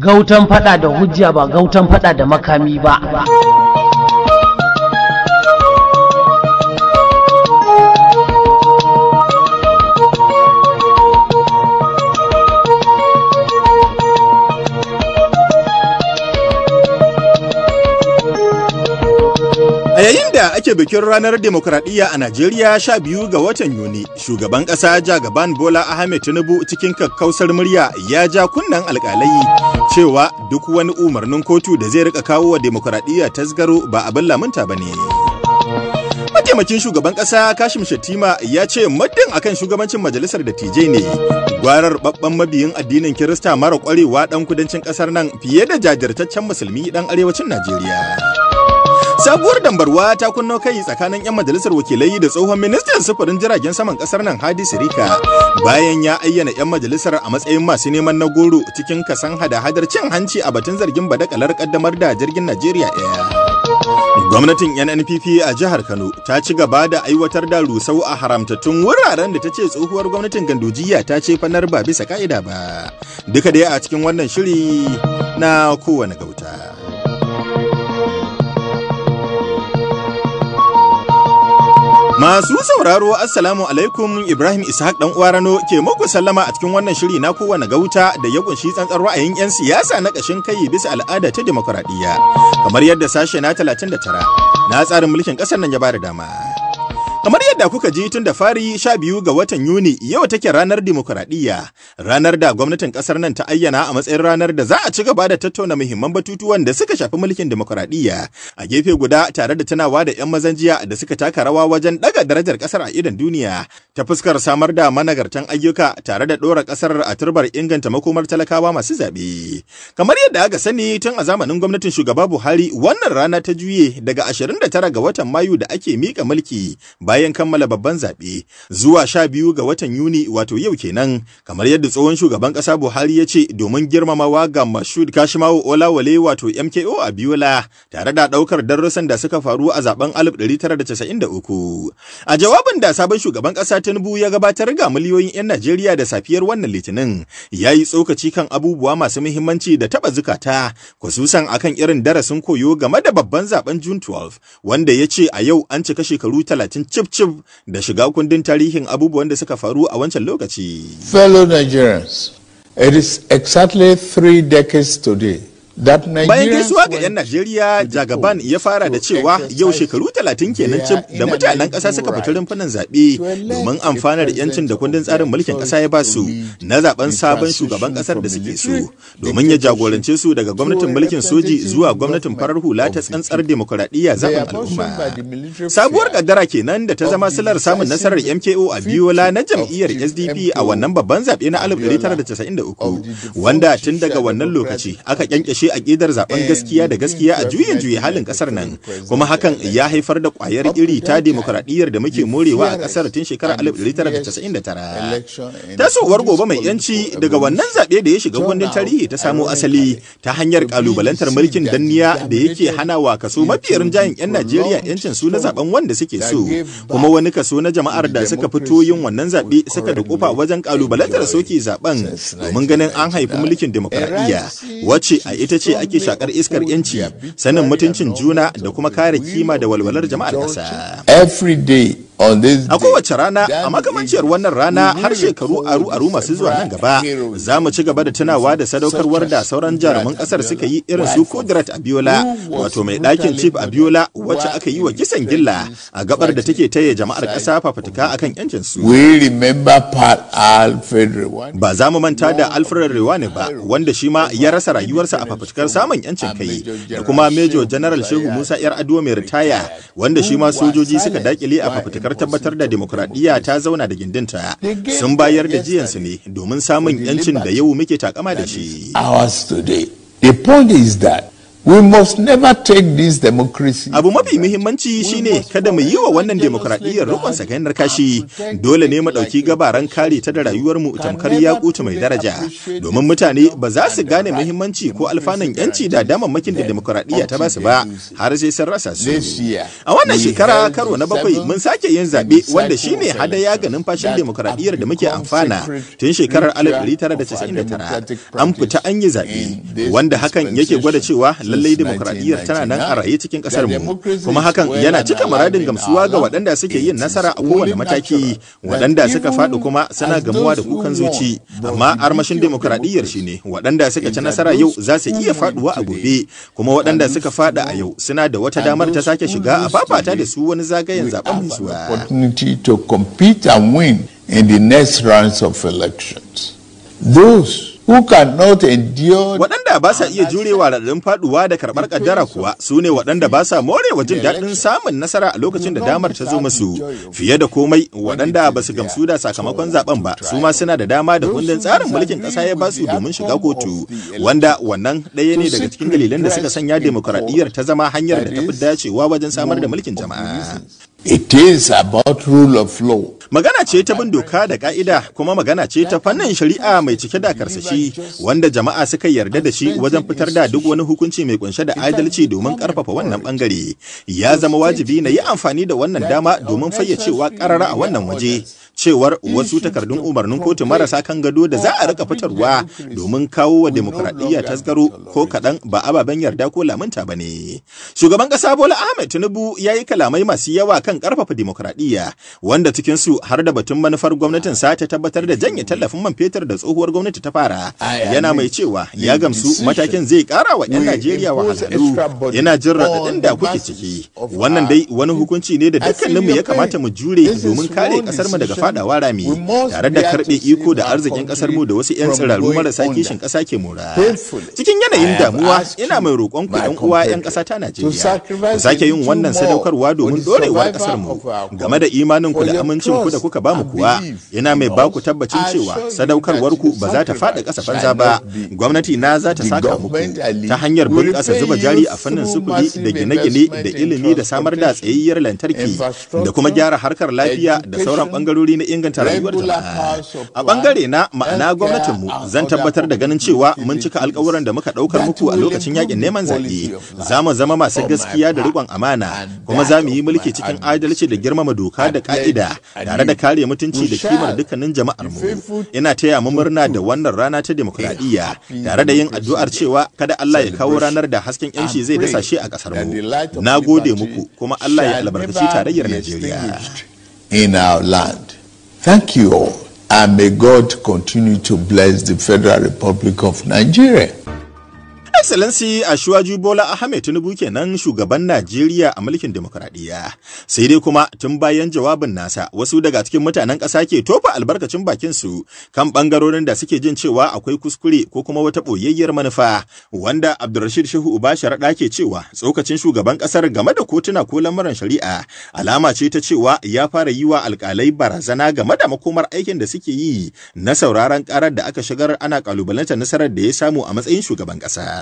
gautan fada da hujja ba gautan fada da makami ba yayin da ake bikin ranar demokradiyya a Najeriya sha biyu ga watan Yuni, shugaban ƙasa Jagaban Bola Ahmed Tinubu cikin kakkausar murya ya ja kunnen alƙalai cewa duk wani umarnin kotu da zai rika kawo wa demokuraɗiyya tasgaro ba abin lamunta ba ne. Mataimakin shugaban ƙasa Kashim Shatima ya ce muddin akan shugabancin majalisar da dattijai ne gwarar babban mabiyin addinin Kirista mara ƙwarewa ɗan kudancin ƙasar nan fiye da jajirtaccen musulmi ɗan arewacin Najeriya. Sabuwar dambarwa ta kunno kai tsakanin 'yan majalisar wakilai da tsohon ministan sufurin jiragen saman kasar nan Hadi Sirika bayan ya ayyana 'yan majalisar a matsayin masu neman na goro cikin kasan hada-hadar cin hanci a batun zargin badakalar kaddamar da jirgin Najeriya ɗaya. Gwamnatin NNPP a jihar Kano ta ci gaba da aiwatar da rusau a haramtattun wuraren da ta ce tsohuwar gwamnatin Gandojiya ta ce fanar ba bisa ka'ida ba. Duka dai a cikin wannan shiri na kowane gauta. Masu sauraro Assalamu alaikum Ibrahim Ishaq dan uwa Rano ke muku sallama a cikin wannan shiri na kowane gauta da ya kunshi tsantsar ra'ayin 'yan siyasa na kashin kai bisa al'ada ta demokuraɗiyya. Kamar yadda sashe na 39 na tsarin mulkin ƙasar nan ya bada dama. Kamar yadda kuka ji tun da fari sha biyu ga watan Yuni yau take ranar dimokuraɗiyya, ranar da gwamnatin ƙasar nan ta ayyana a matsayin ranar da za a ci gaba da tattauna muhimman batutuwan da suka shafi mulkin dimokuraɗiyya. A gefe guda tare da tunawa da 'yan mazan jiya da suka taka rawa wajen ɗaga darajar ƙasar a idon duniya ta fuskar samar da managartan ayyuka tare da ɗora ƙasar a turbar inganta makomar talakawa masu zaɓe. Kamar yadda aka sani tun a zamanin gwamnatin shugaba Buhari wannan rana ta juye daga 29 ga watan Mayu da ake miƙa mulki. bayan kammala babban zaɓe zuwa sha biyu ga watan Yuni wato yau kenan kamar yadda tsohon shugaban ƙasa Buhari ya ce domin girmamawa ga Mashud Kashimawo Olawale wato MKO Abiola tare da ɗaukar darussan da suka faru a zaben 1993. A jawabin da sabon shugaban ƙasa Tinubu ya gabatar ga miliyoyin 'yan Najeriya da safiyar wannan Litinin ya yi tsokaci kan abubuwa masu muhimmanci da taɓa zukata kususan akan irin darasin koyo game da babban zaben June 12 wanda ya ce a yau an cika shekaru 30 cif-cif da shiga kundin tarihin abubuwan da suka faru a wancan lokaci. Fellow Nigerians, it is exactly three decades today Bayan gaisuwa ga 'yan Najeriya, Jagaban ya fara da cewa yau shekaru talatin kenan da mutanen ƙasa suka fita rumfunan zaɓe domin amfanar 'yancin da kundin tsarin mulkin ƙasa ya ba su na zaben sabon shugaban ƙasar da suke so domin ya jagorance su daga gwamnatin mulkin soji zuwa gwamnatin farar hula ta tsantsar demokuraɗiyya zaɓen al'umma. Sabuwar kaddara kenan da ta zama silar samun nasarar MKO a Biyola na jam'iyyar SDP a wannan babban zaɓe na 1993 wanda tun daga wannan lokaci aka kyankyashe aƙidar zaben eh, gaskiya da gaskiya a eh, juyin juye eh, halin ƙasar nan kuma hakan ya haifar da ƙwayar iri ta demokuraɗiyyar da muke morewa a ƙasar tun shekarar 1999 tasowar gobe mai yanci daga wannan zaɓe da ya shiga kundin tarihi ta samo asali ta hanyar ƙalubalantar mulkin danniya da yake hana wa kaso mafi rinjayen 'yan Najeriya 'yancin su na zaben wanda suke so kuma wani kaso na jama'ar da suka fito yin wannan zaɓe suka da kofa wajen ƙalubalantar soke zaben domin ganin an haifi mulkin demokuraɗiyya wacce a ita ita ce ake shakar iskar yanci sanin mutuncin juna da kuma kare kima da walwalar jama'ar ƙasa. Every day A kowace rana, a makamanciyar wannan rana har shekaru aru-aru masu zuwa nan gaba, za mu ci gaba da tunawa da sadaukarwar da sauran jaruman kasar suka yi irin su Kudrat Abiola, wato mai ɗakin Chief Abiola wacce aka yi wa kisan gilla a gabar da take taya jama'ar ƙasa fafutuka akan yancin su. Ba za mu manta da Alfred Rewane ba, wanda shi ma ya rasa rayuwarsa a fafutukar samun yancin kai, da kuma Major General Shehu Musa 'yar Ado mai ritaya, wanda shi ma sojoji suka dakile a fafutukar kar tabbatar da demokradiyya ta zauna da gindinta sun bayar da jiyansu ne domin samun yancin da yau muke takama da shi. The point that We must never take this democracy. Abu mafi muhimmanci shine kada mu yi wa wannan demokradiyyar rukun sakainar kashi. Dole ne mu ɗauki gabaran kare ta da rayuwarmu tamkar yakutu mai daraja. Domin mutane ba za su gane muhimmanci ko alfanan yanci da damammakin da demokradiyya ta basu ba har sai sun rasa su. A wannan shekara karo na bakwai mun sake yin zaɓe wanda shine hadaya ga numfashin demokradiyyar da muke amfana tun shekarar 1999 an fita an yi zaɓe wanda hakan yake gwada cewa lallai demokradiyyar tana nan a raye cikin kasar mu kuma hakan yana cika muradin gamsuwa ga waɗanda suke yin nasara a kowane mataki waɗanda suka faɗi kuma suna gamuwa da kukan zuci amma armashin demokradiyyar shi ne waɗanda suka ci nasara yau za su iya faɗuwa a gobe kuma waɗanda suka faɗi a yau suna da wata damar ta sake shiga a fafata da su wani zagayen zaben zuwa. in the next rounds of elections. Those who cannot endure waɗanda ba sa iya jurewa raɗaɗin faɗuwa da karɓar ƙaddara kuwa su ne waɗanda ba sa morewa jin daɗin samun nasara a lokacin da damar ta zo musu fiye da komai waɗanda ba su gamsu da sakamakon zaben ba su ma suna da dama da kundin tsarin mulkin ƙasa ya ba su domin shiga kotu wanda wannan ɗaya ne daga cikin dalilan da suka sanya demokuraɗiyyar ta zama hanyar da ta fi dacewa wajen samar da mulkin jama'a. It is about rule of law. Magana ce ta bin doka da ka'ida kuma magana ce ta fannin shari'a mai cike da karsashi wanda jama'a suka yarda da shi wajen fitar da duk wani hukunci mai kunshe da adalci domin karfafa wannan bangare. Ya zama wajibi na yi amfani da wannan dama domin fayyacewa karara a wannan waje. cewar wasu takardun umarnin kotu marasa kan gado da za a rika fitarwa domin kawo wa demokuraɗiyya tasgaro ko kaɗan ba ababen yarda ko lamunta ba ne. Shugaban ƙasa Bola Ahmed Tinubu ya yi kalamai masu yawa kan ƙarfafa demokuraɗiyya wanda cikinsu har da batun manufar gwamnatin sa ta tabbatar da janye tallafin man fetur da tsohuwar gwamnati ta fara. Yana mai cewa ya gamsu matakin zai ƙara wa 'yan Najeriya wahalhalu yana jin raɗaɗin da kuke ciki. Wannan dai wani hukunci ne da dukkaninmu ya kamata mu jure domin kare ƙasarmu daga fadawa rami tare da karbe iko da arzikin kasar mu da wasu 'yan tsirarru marasa kishin ƙasa ke mora. Cikin yanayin damuwa ina mai roƙon ku 'yan uwa 'yan ƙasa ta Najeriya ku sake yin wannan sadaukarwa domin dorewar kasar mu game da imanin ku da amincin ku da kuka ba mu kuwa ina mai ba ku tabbacin cewa sadaukarwar ku ba za ta faɗa ƙasa banza ba gwamnati na za ta saka muku ta hanyar bunƙasa zuba jari a fannin sufuri da gine-gine da ilimi da samar da tsayayyar lantarki da kuma gyara harkar lafiya da sauran bangarori nasarori na inganta rayuwar jama'a. A bangare na ma'ana gwamnatinmu zan tabbatar da ganin cewa mun cika alkawuran da muka ɗaukar muku a lokacin yakin neman zaɓe. Za mu zama masu gaskiya da riƙon amana kuma za mu yi mulki cikin adalci da girmama doka da ƙa'ida tare da kare mutunci da kimar dukkanin jama'ar mu. Ina taya mu murna da wannan rana ta demokuraɗiyya tare da yin addu'ar cewa kada Allah ya kawo ranar da hasken yanci zai dasa shi a ƙasar mu. Na gode muku kuma Allah ya albarkaci tarayyar Najeriya. in our land. Thank you all, and may God continue to bless the Federal Republic of Nigeria. Excellency Ashuwaju Bola Ahmed Tinubu kenan shugaban Najeriya a mulkin demokradiyya. Sai dai kuma tun bayan jawabin nasa wasu daga cikin mutanen ƙasa ke tofa albarkacin bakin su kan ɓangarorin da suke jin cewa akwai kuskure ko kuma wata ɓoyayyar manufa wanda Abdulrashid Shehu Uba Sharaɗa ke cewa tsokacin shugaban ƙasar game da kotuna ko lamuran shari'a alama ce ta cewa ya fara yiwa wa alƙalai barazana game da makomar aikin da suke yi na sauraron ƙarar da aka shigar ana ƙalubalantar nasarar da ya samu a matsayin shugaban ƙasa.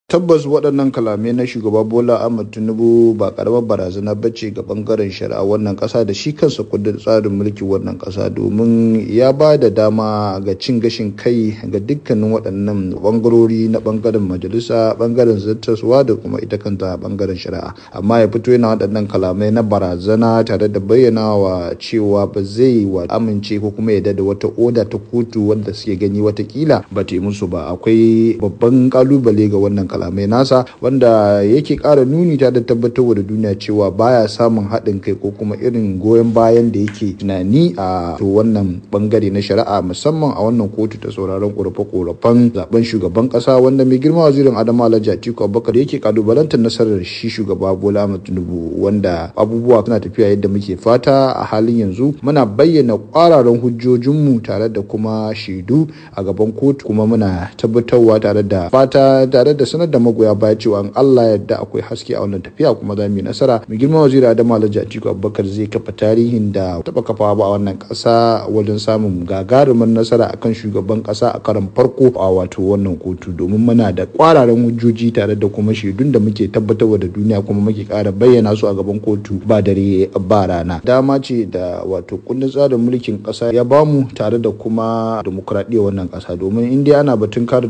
tabbas waɗannan kalamai na shugaba bola ahmad tinubu ba karamar barazana ba ce ga ɓangaren shari'a wannan ƙasa da shi kansa kudin tsarin mulki wannan ƙasa domin ya ba da dama ga cin gashin kai ga dukkanin waɗannan ɓangarori na ɓangaren majalisa ɓangaren zartaswa da kuma ita kanta ɓangaren shari'a amma ya fito yana waɗannan kalamai na barazana tare da bayyana wa cewa ba zai wa amince ko kuma yadda da wata oda ta kotu wanda suke gani watakila ba ta yi musu ba akwai babban ƙalubale ga wannan kalamai nasa wanda yake kara nuni ta da tabbatarwa da duniya cewa baya samun haɗin kai ko kuma irin goyon bayan da yake tunani a to wannan bangare na shari'a musamman a wannan kotu ta sauraron ƙorafe-ƙorafen zaben shugaban ƙasa wanda mai girma wazirin adama alhaji atiku abubakar yake kalubalantar nasarar shi shugaba bola ahmed tinubu wanda abubuwa suna tafiya yadda muke fata a halin yanzu muna bayyana hujjojin hujjojinmu tare da kuma shaidu a gaban kotu kuma muna tabbatarwa tare da fata tare da sanar da magoya baya cewa in Allah ya yarda akwai haske a wannan tafiya kuma za mu yi nasara mu girma waziri Adamu Alhaji Atiku Abubakar zai kafa tarihin da taba kafawa ba a wannan kasa wajen samun gagarumin nasara akan shugaban kasa a karan farko a wato wannan kotu domin muna da kwararan hujjoji tare da kuma shaidun da muke tabbatarwa da duniya kuma muke kara bayyana su a gaban kotu ba dare ba rana dama ce da wato kundin tsarin mulkin kasa ya bamu tare da kuma demokradiyyar wannan kasa domin indiya ana batun kare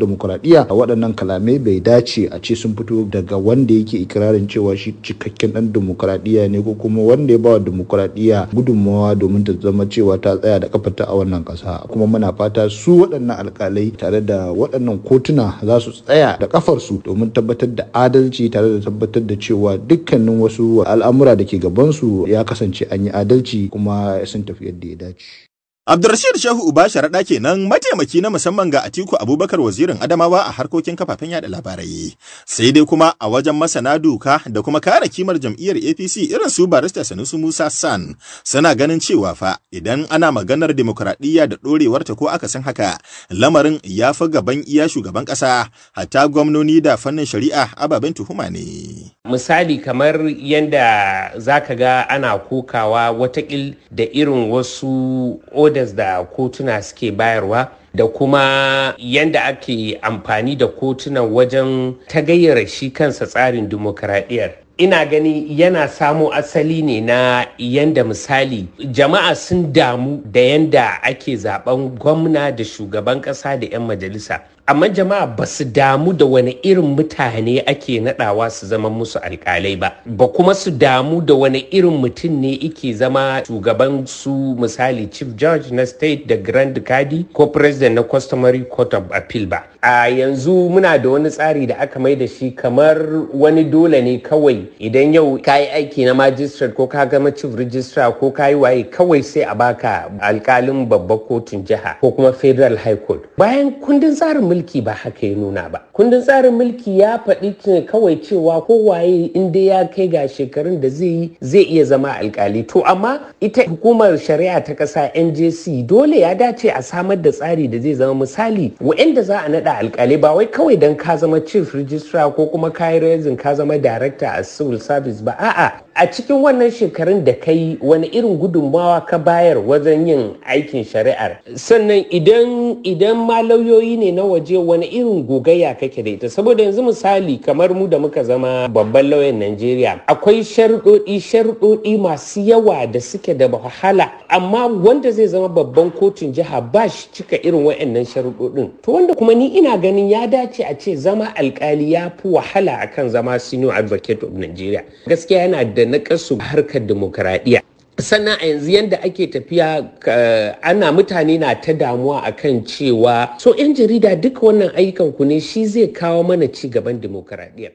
a waɗannan kalamai bai dace ce a ce sun fito daga wanda yake ikirarin cewa shi cikakken dan demokuraɗiyya ne ko kuma wanda ya ba wa gudummawa gudunmawa domin ta zama cewa ta tsaya da kafarta a wannan kasa kuma muna fata su waɗannan alkalai tare da waɗannan kotuna za su tsaya da kafarsu domin tabbatar da adalci tare da tabbatar da cewa dukkanin wasu al'amura da ke gabansu ya kasance an yi adalci kuma sun tafi yadda ya dace. Abdurrashid Shehu Uba Sharaɗa kenan mataimaki na musamman ga Atiku Abubakar wazirin Adamawa a harkokin kafafen yada labarai. Sai dai kuma a wajen masana doka da kuma kare kimar jam'iyyar APC irin su barista Sanusi Musa San suna ganin cewa fa idan ana maganar demokuraɗiyya da ta ko aka san haka lamarin ya fi gaban iya shugaban ƙasa hatta gwamnoni da fannin shari'a ababen tuhuma ne. Misali kamar yadda zaka ga ana kokawa watakil da irin wasu oda orders da kotuna suke bayarwa da kuma yadda ake amfani da kotunan wajen tagayyara shi kansa tsarin dimokuraɗiyar ina gani yana samo asali ne na yanda misali jama'a sun damu da yanda ake zaben gwamna da shugaban ƙasa da 'yan majalisa amma jama'a ba su damu da wani irin mutane ake nadawa su zama musu alkalai ba ba kuma su damu da wani irin mutum ne ike zama shugaban su misali chief judge na state da grand Cadi ko president na customary court of appeal ba a yanzu muna da wani tsari da aka mai da shi kamar wani dole ne kawai idan yau ka yi aiki na magistrate ko ka gama chief registrar ko ka yi waye kawai sai a baka alkalin babbar kotun jiha ko kuma federal high court bayan kundin tsarin mulki ba haka ya nuna ba kundin tsarin mulki ya faɗi kawai cewa kowaye in dai ya kai ga shekarun da zai yi zai iya zama alkali to amma ita hukumar shari'a ta ƙasa njc dole ya dace a samar da tsari da zai zama misali wa'inda za a naɗa alkali ba wai kawai don ka zama chief registrar ko kuma kayi raising ka zama director a civil service ba a'a a cikin wannan shekarun da ka yi wani irin gudunmawa ka bayar wajen yin aikin shari'ar sannan idan idan ma lauyoyi ne na waje wani irin gogayya kake da ita saboda yanzu misali kamar mu da muka zama babban lauyan najeriya akwai sharuɗoɗi sharuɗoɗi masu yawa da suke da wahala amma wanda zai zama babban kotun jiha ba shi cika irin wa'annan sharuɗoɗin to wanda kuma ni ina ganin ya dace a ce zama alkali ya fi wahala akan zama senior advocate of nigeria gaskiya yana da da naƙasu harkar demokaradiyya sannan a yanzu yadda ake tafiya eh, ana mutane na ta damuwa akan cewa so 'yan jarida duka wannan ayyukan ku ne shi zai kawo mana ci gaban demokaradiyya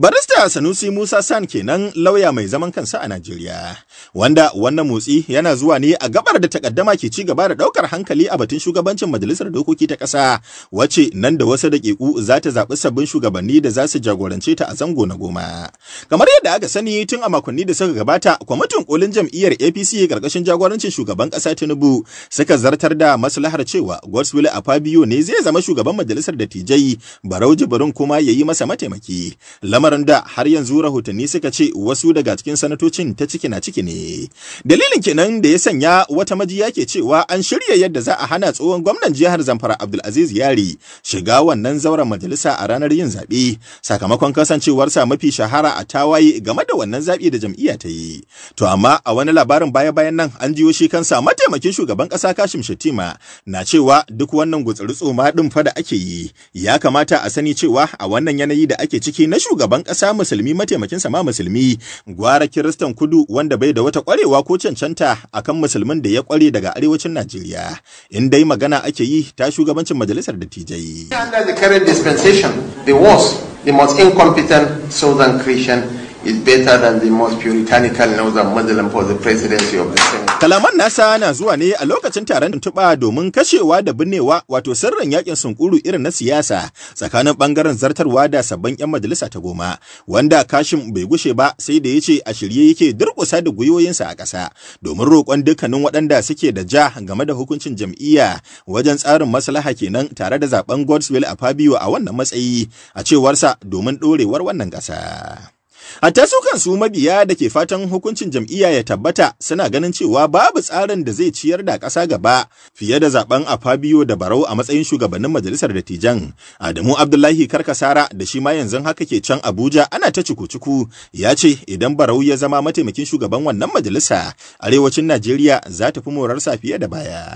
Barista Sanusi Musa San kenan lauya mai zaman kansa a Najeriya, wanda wannan motsi yana zuwa ne a gabar da takaddama ke ci gaba da ɗaukar hankali a batun shugabancin Majalisar Dokoki ta ƙasa, wacce nan da wasu daƙiƙu za ta zaɓi sabbin shugabanni da za su jagorance ta a zango na goma. Kamar yadda aka sani tun a makonni da suka gabata, kwamitin kolin jam'iyyar APC ƙarƙashin jagorancin shugaban ƙasa Tinubu suka zartar da maslahar cewa Godswill Afabio ne zai zama shugaban Majalisar Dattijai, Barau Jibrin kuma ya yi masa mataimaki. Lamar lamarin da har yanzu rahotanni suka ce wasu daga cikin sanatocin ta ciki na ciki ne. Dalilin kenan da ya sanya wata majiya ke cewa an shirya yadda za a hana tsohon gwamnan jihar Zamfara Abdulaziz Yari shiga wannan zauren majalisa a ranar yin zaɓe sakamakon kasancewarsa mafi shahara a tawaye game da wannan zaɓe da jam'iyya ta yi. To amma a wani labarin baya-bayan nan an jiyo shi kansa mataimakin shugaban ƙasa Kashim Shettima na cewa duk wannan gutsuri tsoma ɗin fa da ake yi ya kamata a sani cewa a wannan yanayi da ake ciki na shugaban shugaban ƙasa musulmi mataimakin sama musulmi gwara kiristan kudu wanda bai da wata ƙwarewa ko cancanta akan musulmin da ya ƙware daga arewacin Najeriya in dai magana ake yi ta shugabancin majalisar dattijai. Under the current dispensation, the worst, the most incompetent Southern Christian is better than the most puritanical of Muslim for the presidency of the Senate. Kalaman nasa na zuwa ne a lokacin taron tuntuɓa domin kashewa da binnewa wato sirrin yakin sunkuru irin na siyasa tsakanin bangaren zartarwa da sabbin 'yan majalisa ta goma wanda kashin bai gushe ba sai da yace a shirye yake durƙusa da gwiwoyinsa a ƙasa domin roƙon dukkanin waɗanda suke da ja game da hukuncin jam'iyya wajen tsarin maslaha kenan tare da zaben Godswill a Fabio a wannan matsayi a cewarsa domin ɗorewar wannan ƙasa. Hatta su mabiya da ke fatan hukuncin jam'iyya ya tabbata suna ganin cewa babu tsarin da zai ciyar da ƙasa gaba fiye da zaben a Fabio da Barau a matsayin shugabannin majalisar dattijan. Adamu Abdullahi Karkasara da shi ma yanzu haka ke can Abuja ana ta cuku-cuku ya ce idan Barau ya zama mataimakin shugaban wannan majalisa arewacin Najeriya za ta fi morarsa fiye da baya.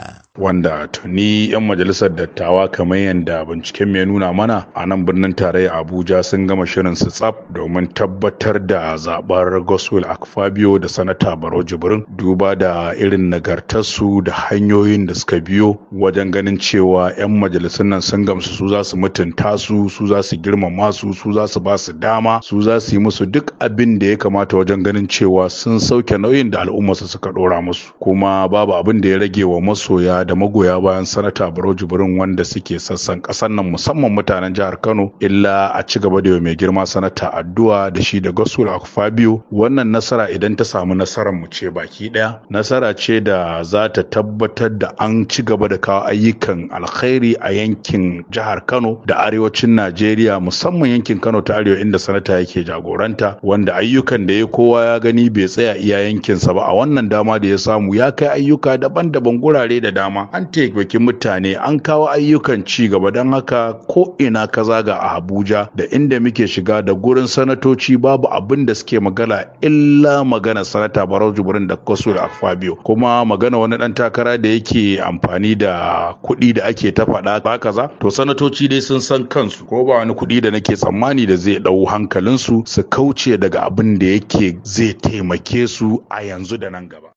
wanda tuni 'yan majalisar dattawa kamar yadda binciken ya nuna mana a nan birnin tarayya abuja sun gama shirin su tsaf domin tabbatar da zaɓar goswell akfabio da sanata baro jibrin duba da irin nagartarsu da hanyoyin da suka biyo wajen ganin cewa 'yan majalisun nan sun gamsu su za su mutunta su su za su girmama su su za su ba su dama su za su yi musu duk abin da ya kamata wajen ganin cewa sun sauke nauyin da al'ummarsu suka ɗora musu kuma babu abin da ya rage wa masoya da magoya bayan sanata Barau Jibrin wanda suke sassan ƙasar nan musamman mutanen jihar Kano illa a ci gaba da mai girma sanata addu'a da shi da Gasul Akfabio wannan nasara idan ta samu nasarar mu ce baki ɗaya. nasara ce da za ta tabbatar da an ci gaba da kawo ayyukan alkhairi a yankin jihar Kano da arewacin Najeriya musamman yankin Kano ta arewa inda sanata yake jagoranta wanda ayyukan da ya kowa ya gani bai tsaya iya yankinsa ba a wannan dama da ya samu ya kai ayyuka daban-daban gurare da dama dama an taimaki mutane an kawo ayyukan ci gaba don haka ko ina ka zaga a abuja da inda muke shiga da gurin sanatoci babu abin da suke magana illa magana sanata barau jibrin da da akfabio kuma magana wani dan takara da yake amfani da kuɗi da ake ta faɗa ba kaza to sanatoci dai sun san kansu ko ba wani kuɗi da nake tsammani da zai ɗau hankalinsu su kauce daga abin da yake zai taimake su a yanzu da nan gaba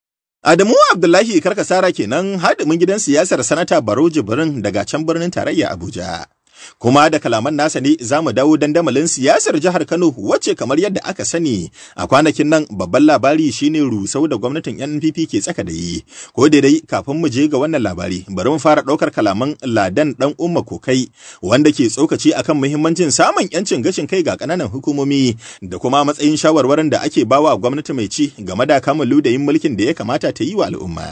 Adamu Abdullahi Karkasara kenan hadimin gidan siyasar Sanata Baro Jibrin daga can birnin tarayya Abuja. Kuma da kalaman nasa ne za mu dawo dandamalin siyasar jihar Kano wacce kamar yadda aka sani a kwanakin nan babban labari shine rusau da gwamnatin NPP ke tsaka da yi. Ko da dai kafin mu je ga wannan labari bari mu fara ɗaukar kalaman Ladan dan Umma Kokai wanda ke tsokaci akan muhimmancin samun yancin gashin kai ga kananan hukumomi da kuma matsayin shawarwarin da ake bawa gwamnati mai ci game da kamun ludayin mulkin da ya kamata ta yi wa al'umma.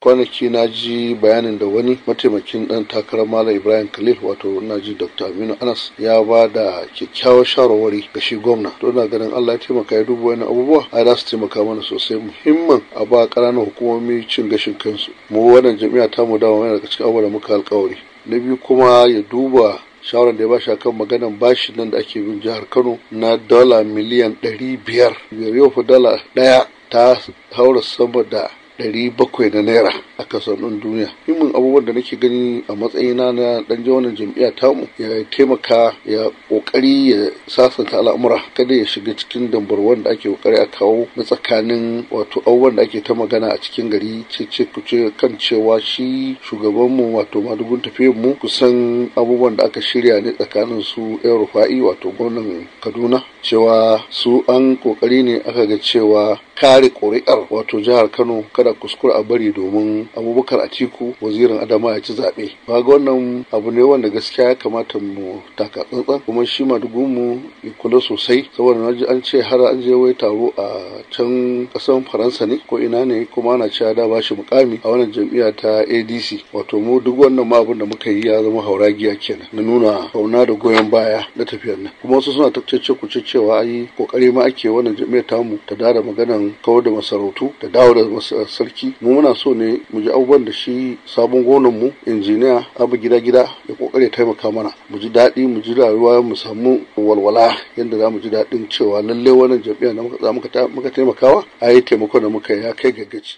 Kwanaki na ji bayanin da wani mataimakin dan takarar Malam Ibrahim Khalil wato ina ji dr aminu anas ya ba da kyakkyawar shawarwari ga shi gwamna to na ganin allah ya taimaka ya dubu wani abubuwa a da su taimaka mana sosai muhimman a ba ƙananan hukumomi cin gashin kansu mu wannan jami'a ta mu dawo mana daga cikin abubuwa da muka alkawari na biyu kuma ya duba shawarar da ya bashi akan maganar bashi nan da ake bin jihar kano na dala miliyan ɗari biyar biyar yau fa dala ɗaya ta haura sama da ɗari bakwai na naira a kasuwannin duniya himin abubuwan da nake gani a matsayina na ɗan jawanin jam'iyyar tamu ya taimaka ya ƙoƙari ya sasanta al'amura kada ya shiga cikin dambarwan da ake ƙoƙari a kawo na tsakanin wato abubuwan da ake ta magana a cikin gari ce kuce kan cewa shi shugabanmu wato madugun tafiyan mu kusan abubuwan da aka shirya ne tsakanin su yan rufa'i wato gwamnan kaduna cewa su an ƙoƙari ne aka ga cewa kare ƙuri'ar wato jihar kano kada kuskura a bari domin abubakar a atiku wazirin adama ya ci zaɓe ba ga wannan abu ne wanda gaskiya ya kamata mu taka tsantsan kuma shi madugun mu ya kula sosai saboda na ji an ce har an je wai taro a can ƙasan faransa ne ko ina ne kuma ana cewa da ba shi mukami a wannan jam'iyya ta adc wato mu duk wannan ma abin da muka yi ya zama haura hauragiya kenan na nuna kauna da goyon baya na tafiyar nan kuma wasu suna ta ce ku cewa ai kokari ma ake wannan jam'iyyar tamu ta dada maganan wajen kawar da masarautu da dawo da sarki mu muna so ne mu ji abubuwan da shi sabon gonan mu injiniya abu gida gida ya kokare taimaka mana mu ji daɗi mu ji rayuwa mu samu walwala yadda za mu ji daɗin cewa lalle wannan jami'a da muka muka taimakawa a yi taimako da muka ya kai gaggaci.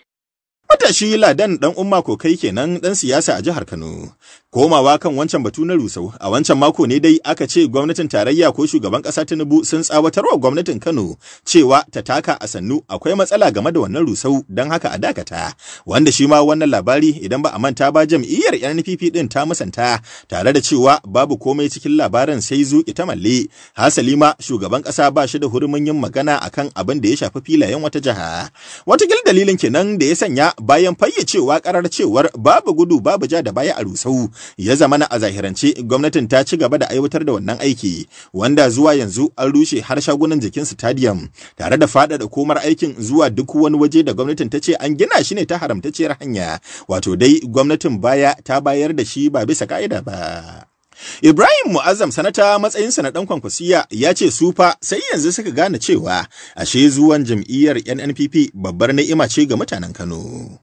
Matashi Ladan ɗan Umma Kokai kenan ɗan siyasa a jihar Kano, Komawa kan wancan batu na Rusau, a wancan mako ne dai aka ce gwamnatin tarayya ko shugaban ƙasa Tinubu sun tsawatarwa gwamnatin Kano cewa ta taka a sannu akwai matsala game da wannan Rusau don haka a dakata. Wanda shi ma wannan labari idan ba a manta ba jam'iyyar NPP din ta musanta tare da cewa babu komai cikin labarin sai zuƙi ta malle. Hasali ma shugaban ƙasa ba shi da hurumin yin magana akan abin da ya shafi filayen wata jiha. Watakil dalilin kenan da ya sanya bayan fayyacewa ƙarar cewar babu gudu babu ja da baya a Rusau. ya zamana a zahirance gwamnatin ta ci gaba da aiwatar da wannan aiki wanda zuwa yanzu an rushe har shagunan jikin stadium tare da da komar aikin zuwa duk wani waje da gwamnatin ta ce an gina shi ne ta haramtacciyar hanya wato dai gwamnatin baya ta bayar da shi ba bisa ka'ida ba. Ibrahim Mu'azzam sanata matsayinsa na ɗan kwankwasiya ya ce Sufa sai yanzu suka gane cewa ashe zuwan jam'iyyar NNPP babbar ni'ima ce ga mutanen Kano.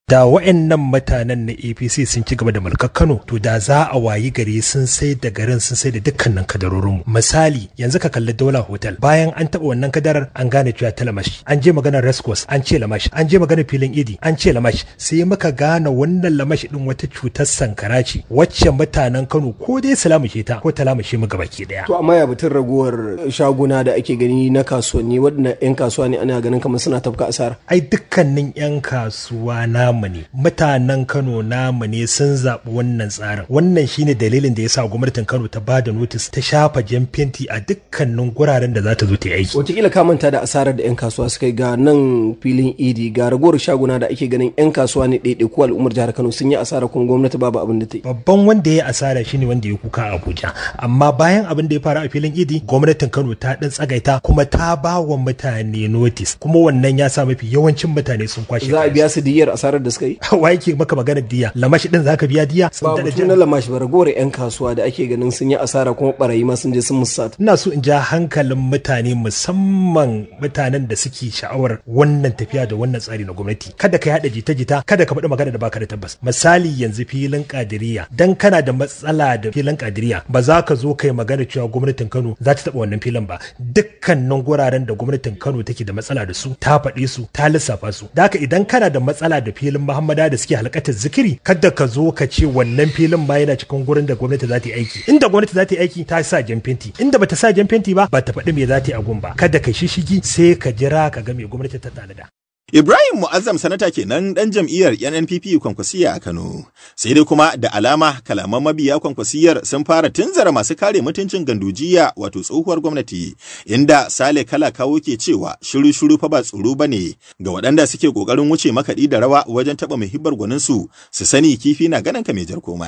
Da wa'annan mutanen na APC sun ci gaba da mulkar Kano to da za a wayi gari sun sai da garin sun sai da dukkanin kadarorin misali yanzu ka kalli Dola Hotel bayan an taba wannan kadarar an gane cewa ta lamashi an je maganar Rescos an ce lamashi an je maganar filin Idi an ce lamashi sai muka gane wannan lamashi din wata cutar sankara ce wacce mutanen Kano ko dai salama lamushe ta ko ta lamushe mu gabaki daya to amma ya batun raguwar shaguna da ake gani na kasuwanni wadanda yan kasuwa ne ana ganin kamar suna tafka asara ai dukkanin yan kasuwa namu ne mutanen Kano namu ne sun zaɓi wannan tsarin wannan shine dalilin da yasa gwamnatin Kano ta bada notice ta shafa jan fenti a dukkanin guraren da za ta zo ta yi aiki kila ka manta da asarar da yan kasuwa suka yi ga nan filin idi ga raguwar shaguna da ake ganin yan kasuwa ne ko al'ummar jihar Kano sun yi asara kuma gwamnati babu abin da ta yi babban wanda ya asara shine wanda ya kuka abuja amma bayan abin da ya faru a filin idi gwamnatin kano ta dan tsagaita kuma ta ba wa mutane notice kuma wannan ya sa mafi yawancin mutane sun kwashe za a biya su diyar asarar da suka yi Wai ke maka magana diya lamashi din zaka biya diya sun da na lamashi ba ragowar yan kasuwa da ake ganin sun yi asara kuma barayi ma sun je sun musata ina so in ja hankalin mutane musamman mutanen da suke sha'awar wannan tafiya da wannan tsari na gwamnati kada ka yada jita-jita kada ka bada magana da baka da tabbas misali yanzu filin kadiriya dan kana da matsala da filin kadiriya Najeriya ba za ka zo kai magana cewa gwamnatin Kano za ta taɓa wannan filin ba dukkanin guraren da gwamnatin Kano take da matsala da su ta faɗe su ta lissafa su da haka idan kana da matsala da filin Muhammada da suke halkatar zikiri kada ka zo ka ce wannan filin ba yana cikin gurin da gwamnati za ta yi aiki inda gwamnati za ta yi aiki ta sa jan fenti inda bata sa jan fenti ba ba ta faɗi me za ta yi a gun ba kada ka shishigi sai ka jira ka ga me gwamnati ta tanada Ibrahim Mu'azzam sanata kenan ɗan jam'iyyar NNPP kwankwasiya a Kano. Sai dai kuma da alama kalaman mabiya kwankwasiyar sun fara tunzara masu kare mutuncin gandujiya wato tsohuwar gwamnati, inda Sale Kala kawo ke cewa shiru shiru fa ba tsoro ba ne ga waɗanda suke ƙoƙarin wuce makaɗi da rawa wajen taɓa muhibbar gwaninsu su su sani kifi na ganin ka mai jar koma.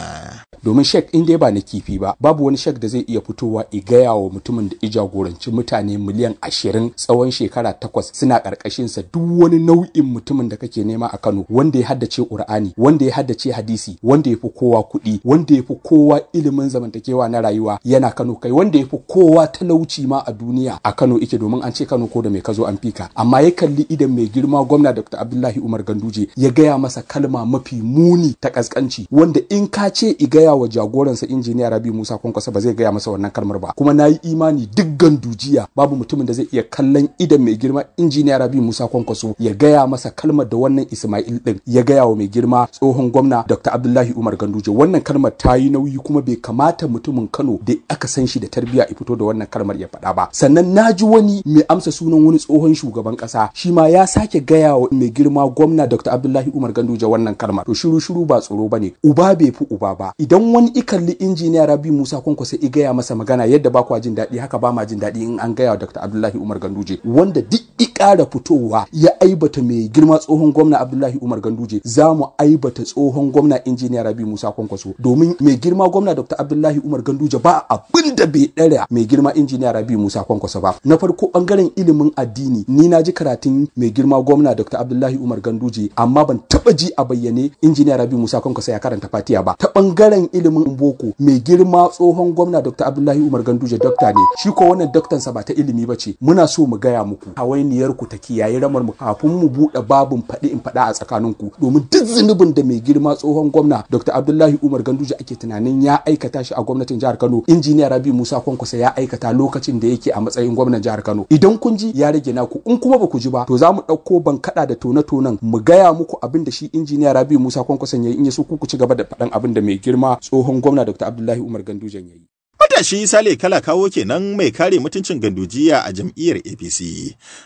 Domin shek in dai ba na kifi ba, babu wani shek da zai iya fitowa i gaya wa mutumin da i jagoranci mutane miliyan ashirin tsawon shekara takwas suna ƙarƙashinsa duk wani nau'in mutumin da kake nema a Kano wanda ya haddace Qur'ani wanda ya haddace hadisi wanda ya fi kowa kuɗi wanda ya fi kowa ilimin zamantakewa na rayuwa yana Kano kai wanda ya fi kowa talauci ma a duniya a Kano ike domin an ce Kano ko da mai kazo an fika amma ya kalli idan mai girma gwamna Dr. Abdullahi Umar Ganduje ya gaya masa kalma mafi muni ta kaskanci wanda in ka ce i gaya wa jagoransa injiniya Rabi Musa Kwankwasa ba zai gaya masa wannan kalmar ba kuma na yi imani duk gandujiya babu mutumin da zai iya kallon idan mai girma injiniya Rabi Musa Kwankwaso ya gaya masa kalmar da wannan Ismail din ya gaya wa mai girma tsohon gwamna Dr. Abdullahi Umar Ganduje wannan kalmar ta yi nauyi kuma bai kamata mutumin Kano da aka san shi da tarbiyya ya fito da wannan kalmar ya faɗa ba sannan na ji wani mai amsa sunan wani tsohon shugaban ƙasa shi ma ya sake gaya wa mai girma gwamna Dr. Abdullahi Umar Ganduje wannan kalmar to shiru shiru ba tsoro bane uba bai fi uba ba idan wani ikalli injiniya Rabi Musa Kwankwasa i gaya masa magana yadda ba kwa jin daɗi haka ba ma jin daɗi in an gaya wa Dr. Abdullahi Umar Ganduje wanda duk kara fitowa ya aibata mai girma tsohon gwamna Abdullahi Umar Ganduje za mu aibata tsohon gwamna injiniya Rabi Musa Kwankwaso domin mai girma gwamna Dr. Abdullahi Umar Ganduje ba abin da bai ɗara mai girma injiniya Rabi Musa Kwankwaso ba na farko bangaren ilimin addini ni na ji karatun mai girma gwamna Dr. Abdullahi Umar Ganduje amma ban taba ji a bayyane injiniya Rabi Musa Kwankwaso ya karanta Fatiya ba ta bangaren ilimin boko mai girma tsohon gwamna Dr. Abdullahi Umar Ganduje dokta ne shi ko wannan sa ba ta ilimi ba ce muna so mu gaya muku hawainiyar zuciyar ku ta kiyaye ramar mu kafin mu buɗe babun faɗi in faɗa a tsakanin ku domin duk zunubin da mai girma tsohon gwamna Dr. Abdullahi Umar Ganduje ake tunanin ya aikata shi a gwamnatin jihar Kano injiniya Rabi Musa Kwankwasa ya aikata lokacin da yake a matsayin gwamnan jihar Kano idan kun ji ya rage naku in kuma ba ku ji ba to za mu ɗauko bankaɗa da tona-tonan mu gaya muku abin da shi injiniya Rabi Musa Kwankwason ya yi in ya so ku ci gaba da faɗan abin da mai girma tsohon gwamna Dr. Abdullahi Umar Ganduje ya yi. Matashi Sale Kala kawo kenan mai kare mutuncin gandujiya a jam'iyyar APC.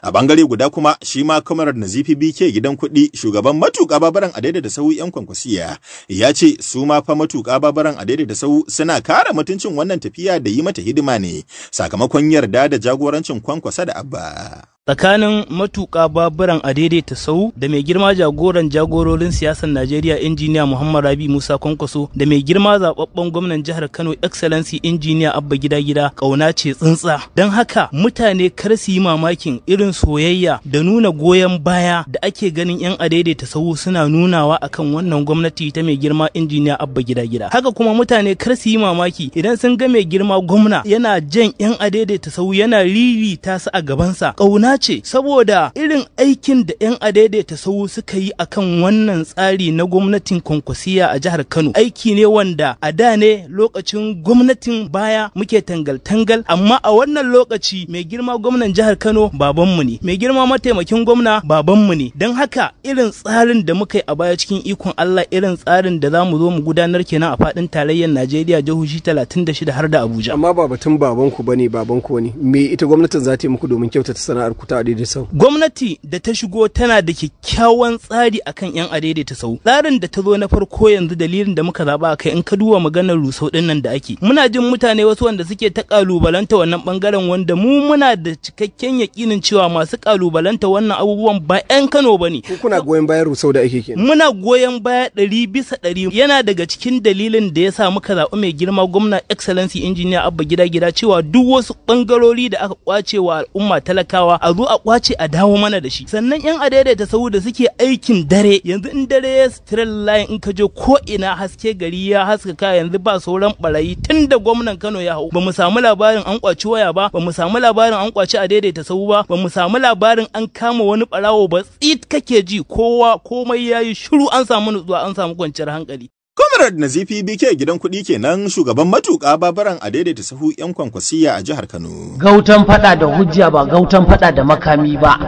A bangare guda kuma shi ma kamarar Nazifi BK gidan kuɗi shugaban matuƙa babaran daidai da sahu yan kwankwasiya ya ce su ma fa matuƙa babaran daidai da sahu suna kare mutuncin wannan tafiya da yi mata hidima ne sakamakon yarda da jagorancin kwankwasa da abba. tsakanin matuƙa baburan a ta sau da mai girma jagoran jagororin siyasar najeriya injiniya muhammad rabi musa kwankwaso da mai girma zababben gwamnan jihar kano excellency injiniya abba gida gida kauna ce tsuntsa don haka mutane kar su yi mamakin irin soyayya da nuna goyon baya da ake ganin yan a ta sau suna nunawa akan wannan gwamnati ta mai girma injiniya abba gida gida haka kuma mutane kar su yi mamaki idan sun ga mai girma gwamna yana jan yan a ta sau yana ririta su a gabansa kauna ce saboda irin aikin da 'yan adaidaita sau suka yi akan wannan tsari na gwamnatin kwankwasiya a jihar Kano. Aiki ne wanda a da ne lokacin gwamnatin baya muke tangal-tangal amma a wannan lokaci mai girma gwamnan jihar Kano babanmu ne, mai girma mataimakin gwamna babanmu ne. Don haka irin tsarin da muka yi a baya cikin ikon Allah irin tsarin da za mu zo mu gudanar kenan a faɗin tarayyar Najeriya jihohi 36 har da Abuja. Amma ba batun babanku bane babanku ne me ita gwamnatin za ta yi muku domin kyautata sana'ar ku ta sau. Gwamnati da ta shigo tana da kyakkyawan tsari akan 'yan ta sau. Tsarin da ta zo na farko yanzu dalilin da muka zaba kai in ka duba maganar rusau din nan da ake. Muna jin mutane wasu wanda suke ta kalubalanta wannan bangaren wanda mu muna da cikakken yakinin cewa masu kalubalanta wannan abubuwan ba 'yan Kano ba ne. Kuna goyon bayan rusau da ake kenan. Muna goyon baya ɗari bisa ɗari yana daga cikin dalilin da ya sa muka zaɓi mai girma gwamna excellency injiniya abba gida gida cewa duk wasu ɓangarori da aka kwace wa al'umma talakawa a a zo a kwace a dawo mana da shi sannan yan adaidaita sau da suke aikin dare yanzu in dare ya strel line in ka je ko ina haske gari ya haskaka yanzu ba sauran barayi tun da gwamnan Kano ya hau ba mu samu labarin an kwaci waya ba ba mu samu labarin an kwaci adaidaita sau ba ba mu samu labarin an kama wani barawo ba tsit kake ji kowa komai yayi shiru an samu nutsuwa an samu kwanciyar hankali Comrade Nazifi BK gidan kuɗi kenan shugaban matuƙa babaran a daidaita sahu 'yan kwankwasiya a jihar Kano. Gautan faɗa da hujja ba gautan faɗa da makami ba.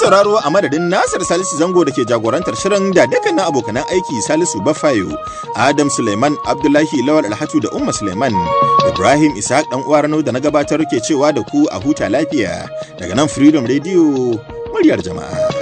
sauraro a madadin Nasir Salisu Zango da ke jagorantar shirin da dukkanin abokanan aiki Salisu Bafayo, Adam Suleiman Abdullahi Lawal Alhatu da Umma Suleiman, Ibrahim Ishaq dan uwa Rano da na gabatar ke cewa da ku a huta lafiya daga nan Freedom Radio muryar jama'a.